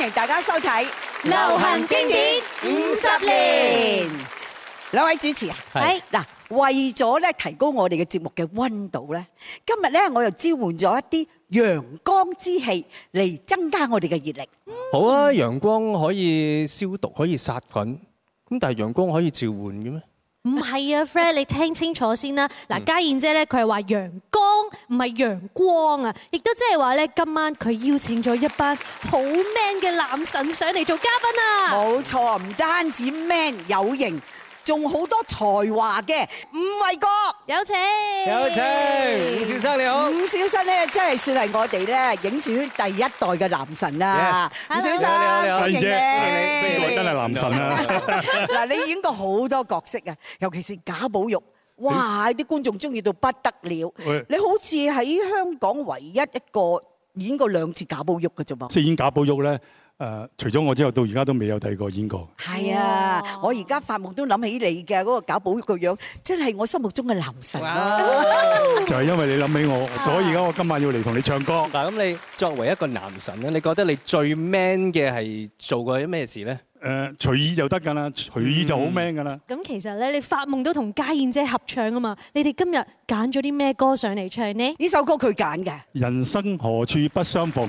歡迎大家收睇流行經典五十年。兩位主持啊，係嗱，為咗咧提高我哋嘅節目嘅温度咧，今日咧我又召喚咗一啲陽光之氣嚟增加我哋嘅熱力。好啊，陽光可以消毒，可以殺菌，咁但係陽光可以召喚嘅咩？唔係啊，friend，你聽清楚先啦。嗱，家燕姐咧，佢係話陽光唔係陽光啊，亦都即係話咧，今晚佢邀請咗一班好 man 嘅男神上嚟做嘉賓啊。冇錯，唔單止 man 有型。仲好多才華嘅，伍衛國，有請，有請伍小生你好。伍小生咧，真係算係我哋咧影視圈第一代嘅男神啊！伍小生，你好！你，好！你真係男神啊！嗱，你演過好多角色啊，尤其是賈寶玉，哇，啲觀眾中意到不得了。你好似喺香港唯一一個演過兩次賈寶玉嘅啫嘛？即係演賈寶玉咧。誒，除咗我之後，到而家都未有第二個演過。係啊，我而家發夢都諗起你嘅嗰個搞保育個樣，真係我心目中嘅男神咯。就係因為你諗起我，所以而家我今晚要嚟同你唱歌。嗱，咁你作為一個男神咧，你覺得你最 man 嘅係做過啲咩事咧？誒，隨意就得㗎啦，隨意就好 man 㗎啦。咁其實咧，你發夢都同嘉燕姐合唱啊嘛。你哋今日揀咗啲咩歌上嚟唱咧？呢首歌佢揀嘅。人生何處不相逢。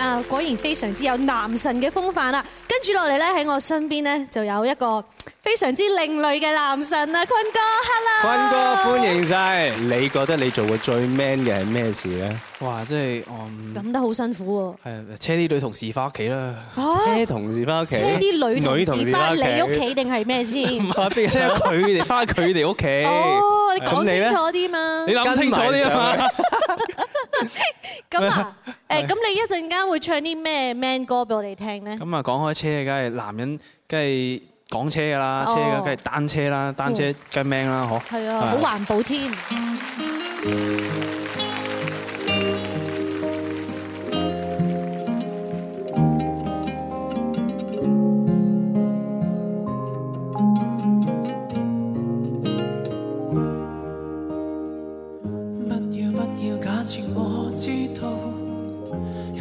啊，果然非常之有男神嘅風範啦！跟住落嚟咧，喺我身邊咧就有一個非常之另類嘅男神啊，坤哥，hello！坤哥歡迎晒，你覺得你做過最 man 嘅係咩事咧？哇，即係，我咁得好辛苦喎！係車啲女同事翻屋企啦，車啲同事翻屋企，車啲女同事翻你屋企定係咩先？唔係，車佢哋翻佢哋屋企。我哋講清楚啲嘛，你諗清楚啲啊嘛。咁啊，誒，咁你一陣間會唱啲咩 man 歌俾我哋聽咧？咁啊，講開車，梗係男人，梗係講車噶啦，車嘅梗係單車啦，單車梗係 man 啦，嗬。係啊，好環保添。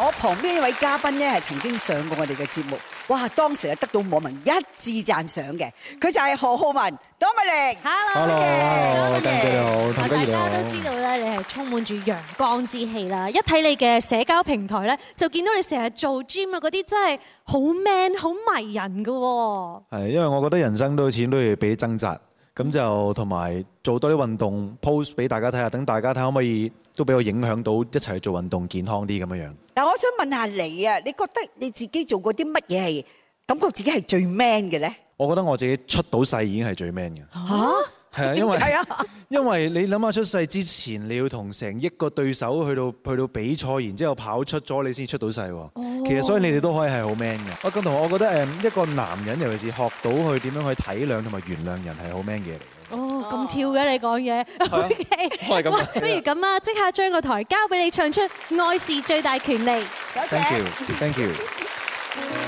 我旁邊一位嘉賓咧，係曾經上過我哋嘅節目，哇！當時得到網民一致讚賞嘅，佢就係何浩文，Dominic。Hello，大家好，大家瑤。大家都知道咧，你係充滿住陽光之氣啦。一睇你嘅社交平台咧，就見到你成日做 gym 啊，嗰啲真係好 man，好迷人噶。係，因為我覺得人生多錢都要俾掙扎。咁就同埋做多啲運動 post 俾大家睇下，等大家睇可唔可以都俾我影響到一齊做運動健康啲咁樣。嗱，我想問下你啊，你覺得你自己做過啲乜嘢係感覺自己係最 man 嘅咧？我覺得我自己出到世已經係最 man 嘅。吓！係，因為係啊，為因為你諗下出世之前，你要同成億個對手去到去到比賽，然之後跑出咗，你先出到世。其實所以你哋都可以係好 man 嘅。啊，咁同我覺得誒一個男人尤其是學到去點樣去體諒同埋原諒人係好 man 嘢嚟嘅。哦，咁跳嘅你講嘢 OK，我係咁。不如咁啊，即刻將個台交俾你唱出《愛是最大權利》。多謝，謝，謝，謝。Thank you。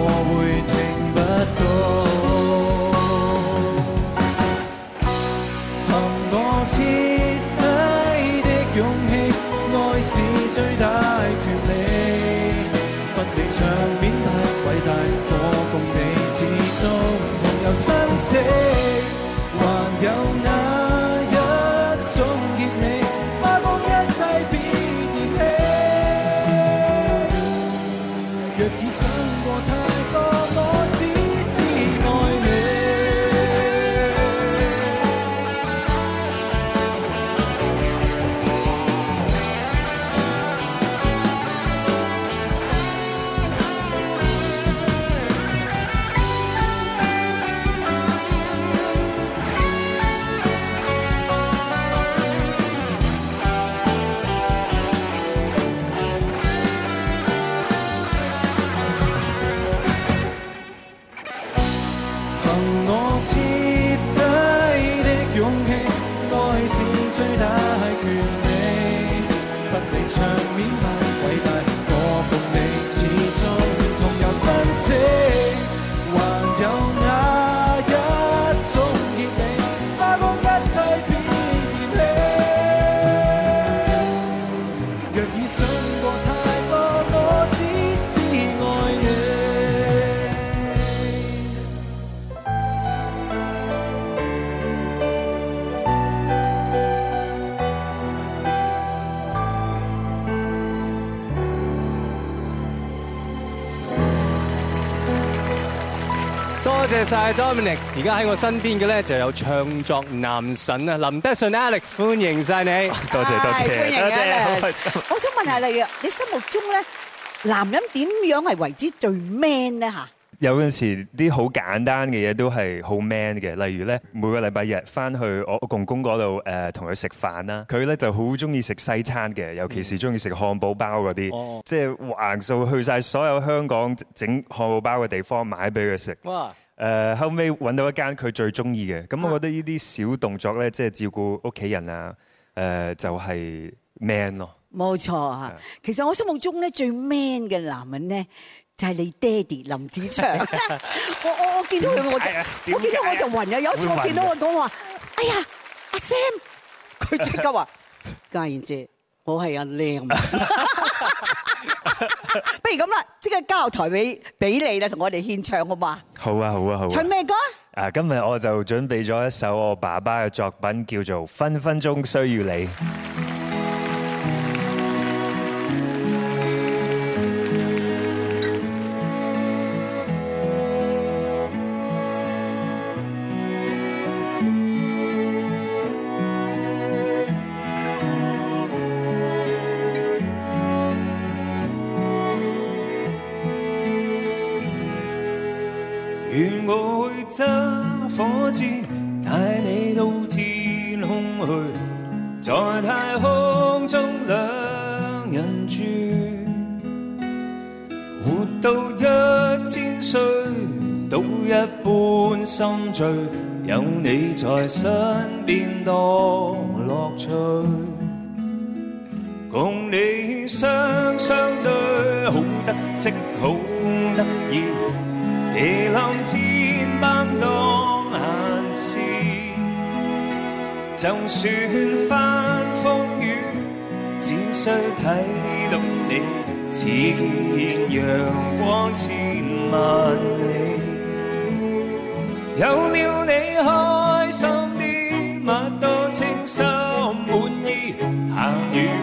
多謝 Dominic，而家喺我身邊嘅咧就有唱作男神啊，林德信 Alex，歡迎曬你，多謝多謝，歡迎。我想問下，例如你心目中咧男人點樣係為之最 man 咧？嚇有陣時啲好簡單嘅嘢都係好 man 嘅，例如咧每個禮拜日翻去我公公嗰度誒，同佢食飯啦。佢咧就好中意食西餐嘅，尤其是中意食漢堡包嗰啲，即係橫掃去曬所有香港整漢堡包嘅地方買俾佢食。誒，後尾揾到一間佢最中意嘅。咁我覺得呢啲小動作咧，即係照顧屋企人啊，誒就係 man 咯。冇錯啊，其實我心目中咧最 man 嘅男人咧就係你爹哋林子祥。我我我見到佢我就，何我見到我就暈啊！有一次我見到我講話，暈哎呀，阿 Sam，佢即刻話， 家燕姐，我係阿靚。 不如咁。教台，俾俾你啦，同我哋獻唱好嘛？好啊，好啊，好啊！唱咩歌啊？啊，今日我就準備咗一首我爸爸嘅作品，叫做《分分鐘需要你》。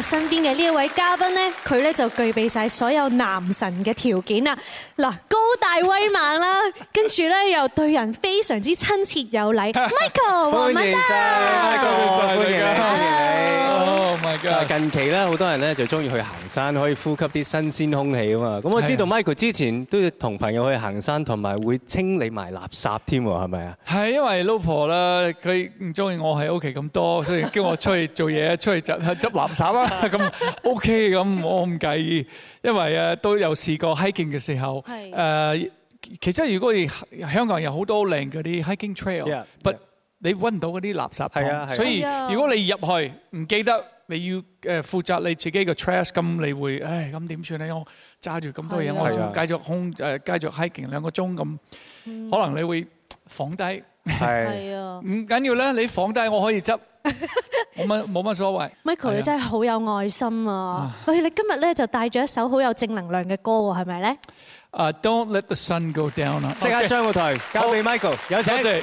身邊嘅呢一位嘉賓咧，佢咧就具備晒所有男神嘅條件啊！嗱，高大威猛啦，跟住咧又對人非常之親切有禮。Michael，歡迎收，歡迎收，歡迎你。近期咧，好多人咧就中意去行山，可以呼吸啲新鮮空氣啊嘛。咁我知道 Michael 之前都同朋友去行山，同埋會清理埋垃圾添喎，係咪啊？係因為老婆啦，佢唔中意我喺屋企咁多，所以叫我出去做嘢，出去執執垃圾啊。咁 OK，咁我唔介意，因為啊都有試過 hiking 嘅時候。係。誒，其實如果而香港有好多靚嗰啲 hiking trail，但你揾唔到嗰啲垃圾。係啊，係，所以如果你入去唔記得，你要誒負責你自己嘅 trash，咁你會唉咁點算咧？我揸住咁多嘢，我仲繼續空誒繼續 hiking 兩個鐘咁，可能你會放低。係。係啊。唔緊要啦，你放低我可以執。冇乜冇乜所謂，Michael 你真係好有愛心啊！喂，你今日咧就帶咗一首好有正能量嘅歌喎，係咪咧？啊，Don't let the sun go down。即刻將個台交俾 Michael，有請。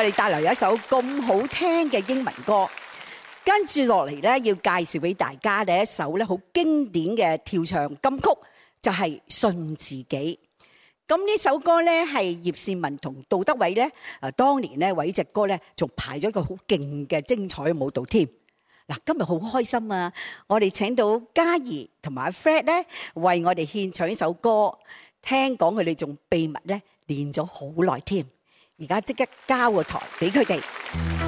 我哋帶嚟咗一首咁好聽嘅英文歌，跟住落嚟咧要介紹俾大家嘅一首咧好經典嘅跳唱金曲，就係《信自己》。咁呢首歌咧係葉倩文同杜德偉咧，啊當年咧為隻歌咧仲排咗一個好勁嘅精彩嘅舞蹈添。嗱，今日好開心啊！我哋請到嘉儀同埋 Fred 咧為我哋獻唱一首歌，聽講佢哋仲秘密咧練咗好耐添。而家即刻交個台俾佢哋。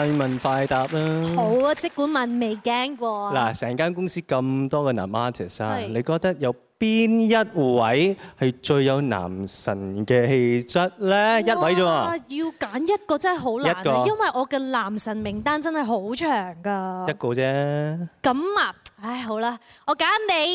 快問快答啦！好啊，即管問，未驚過啊！嗱，成間公司咁多個男 artist 啊，你覺得有邊一位係最有男神嘅氣質咧？一位啫喎，要揀一個真係好難啊！因為我嘅男神名單真係好長㗎，一個啫。咁啊，唉，好啦，我揀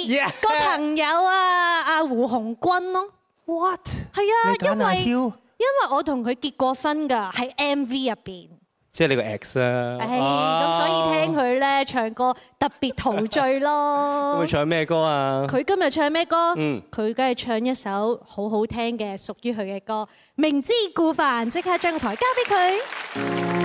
你個朋友啊，阿胡鴻鈞咯。What？係啊，因為因為我同佢結過婚㗎，喺 MV 入邊。即係你個 x 啊！誒，咁所以聽佢咧唱歌特別陶醉咯。咁佢唱咩歌啊？佢今日唱咩歌？嗯，佢梗係唱一首好好聽嘅屬於佢嘅歌。明知故犯，即刻將個台交俾佢。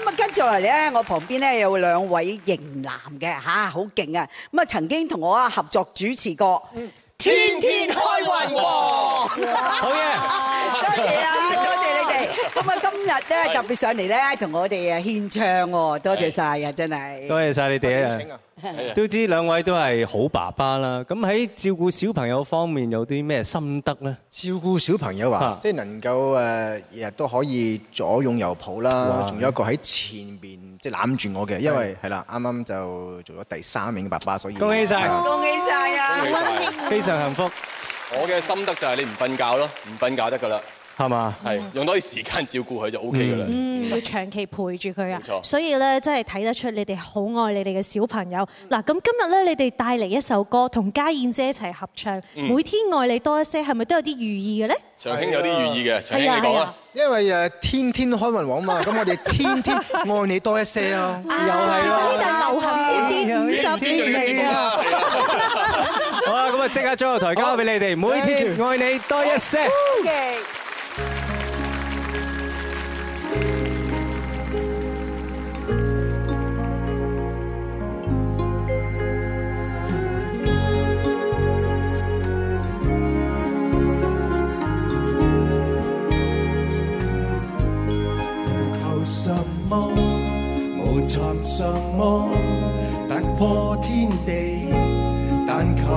咁啊，跟住落嚟咧，我旁邊咧有兩位型男嘅吓，好勁啊！咁啊，曾經同我啊合作主持過《天天開運》喎。好嘢。多謝啊，多謝你哋。咁啊，今日咧特別上嚟咧，同我哋啊獻唱喎，多謝晒啊，真係。多謝晒你哋啊！都知兩位都係好爸爸啦。咁喺照顧小朋友方面有啲咩心得咧？照顧小朋友啊，即係能夠誒日日都可以左擁右抱啦，仲有一個喺前面即係攬住我嘅，因為係啦，啱啱就做咗第三名爸爸，所以恭喜晒，恭喜晒啊！非常幸福。我嘅心得就係你唔瞓覺咯，唔瞓覺得噶啦，係嘛？係用多啲時間照顧佢就 O K 噶啦。嗯，要長期陪住佢啊。沒錯 所以咧，真係睇得出你哋好愛你哋嘅小朋友。嗱，咁今日咧，你哋帶嚟一首歌同家燕姐一齊合唱，每天愛你多一些，係咪都有啲寓意嘅咧？祥興有啲寓意嘅，祥興你講啊。因為誒天天開運王啊嘛，咁我哋天天愛你多一些啊，啊。又係呢度流行啲五十幾啊。即刻將個台交俾你哋，每天愛你多一些。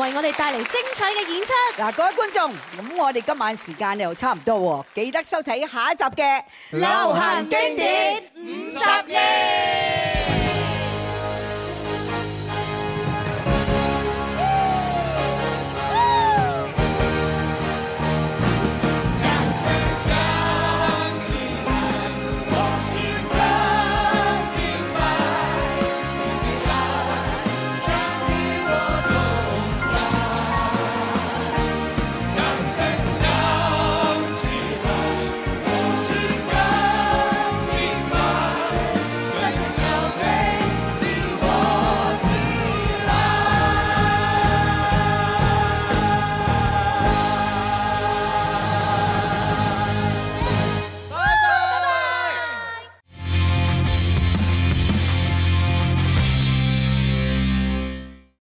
為我哋帶嚟精彩嘅演出。嗱，各位觀眾，咁我哋今晚時間又差唔多，記得收睇下一集嘅流行經典五十年。